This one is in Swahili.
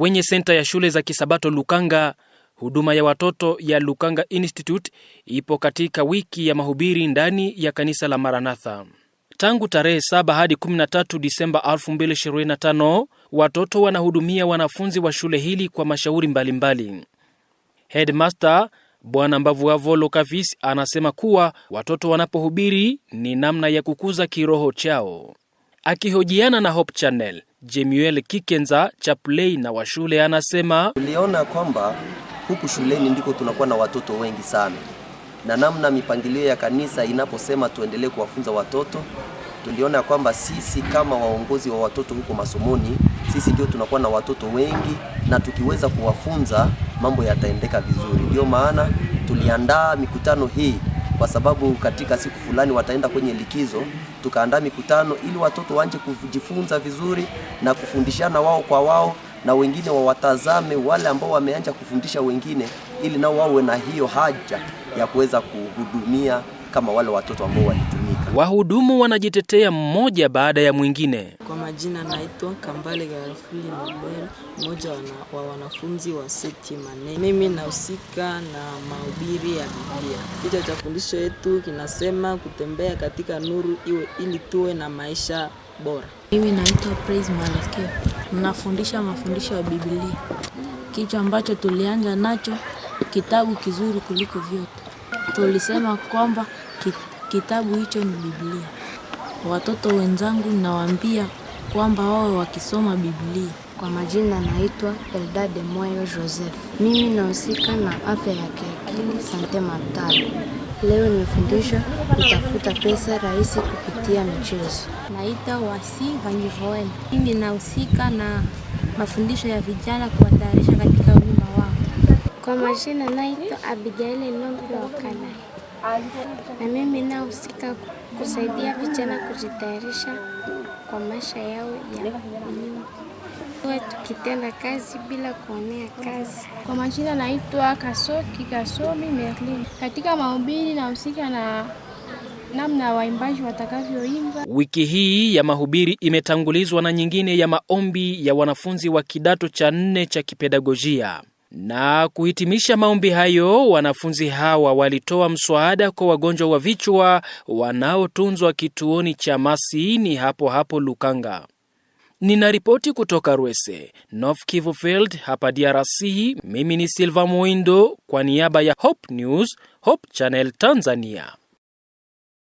Kwenye senta ya shule za Kisabato Lukanga, huduma ya watoto ya Lukanga Institute ipo katika wiki ya mahubiri ndani ya kanisa la Maranatha. Tangu tarehe 7 hadi 13 Disemba 2025 watoto wanahudumia wanafunzi wa shule hili kwa mashauri mbalimbali. Headmaster Bwana Mbavuavo Lokavis anasema kuwa watoto wanapohubiri ni namna ya kukuza kiroho chao. Akihojiana na Hope Channel, Jemuel Kikenza chaplei na wa shule anasema, tuliona kwamba huku shuleni ndiko tunakuwa na watoto wengi sana, na namna mipangilio ya kanisa inaposema tuendelee kuwafunza watoto, tuliona kwamba sisi kama waongozi wa watoto huko masomoni, sisi ndio tunakuwa na watoto wengi, na tukiweza kuwafunza mambo yataendeka vizuri. Ndio maana tuliandaa mikutano hii kwa sababu katika siku fulani wataenda kwenye likizo, tukaandaa mikutano ili watoto waanje kujifunza vizuri na kufundishana wao kwa wao, na wengine wawatazame wale ambao wameanza kufundisha wengine, ili nao wawe na hiyo haja ya kuweza kuhudumia kama wale watoto ambao walitumika. Wahudumu wanajitetea mmoja baada ya mwingine. Kwa majina, naitwa Kambale Garafuli Nobera, mmoja wana, wa wanafunzi wa seti manne. Mimi nahusika na mahubiri ya Biblia. Kichwa cha fundisho yetu kinasema kutembea katika nuru iwe ili tuwe na maisha bora. Mimi naitwa Praise Malaki, nafundisha mafundisho ya Biblia. Kichwa ambacho tulianza nacho, kitabu kizuri kuliko vyote tulisema kwamba kitabu hicho ni Biblia. Watoto wenzangu nawaambia kwamba wao wakisoma Biblia. Kwa majina naitwa Eldade Moyo Joseph. Mimi nahusika na afya ya kiakili sante matalo. Leo nimefundisha kutafuta pesa rahisi kupitia michezo. Naitwa Wasi Vangivoel. Mimi nahusika na mafundisho ya vijana kuwatayarisha katika kwa majina naitwa Abigail Nombe wa Wakala, na mimi nahusika kusaidia vijana kujitayarisha kwa maisha yao ya nyuma, huwa tukitenda kazi bila kuonea kazi. Kwa majina naitwa Kasoki Kasomi Merlin. Katika mahubiri nahusika na namna waimbaji watakavyoimba. Wiki hii ya mahubiri imetangulizwa na nyingine ya maombi ya wanafunzi wa kidato cha nne cha kipedagojia. Na kuhitimisha maombi hayo, wanafunzi hawa walitoa mswada kwa wagonjwa wa vichwa wanaotunzwa kituoni cha Masini hapo hapo Lukanga. Ninaripoti kutoka Rwese, North Kivu Field hapa DRC. Mimi ni Silva Mwindo kwa niaba ya Hope News, Hope Channel Tanzania.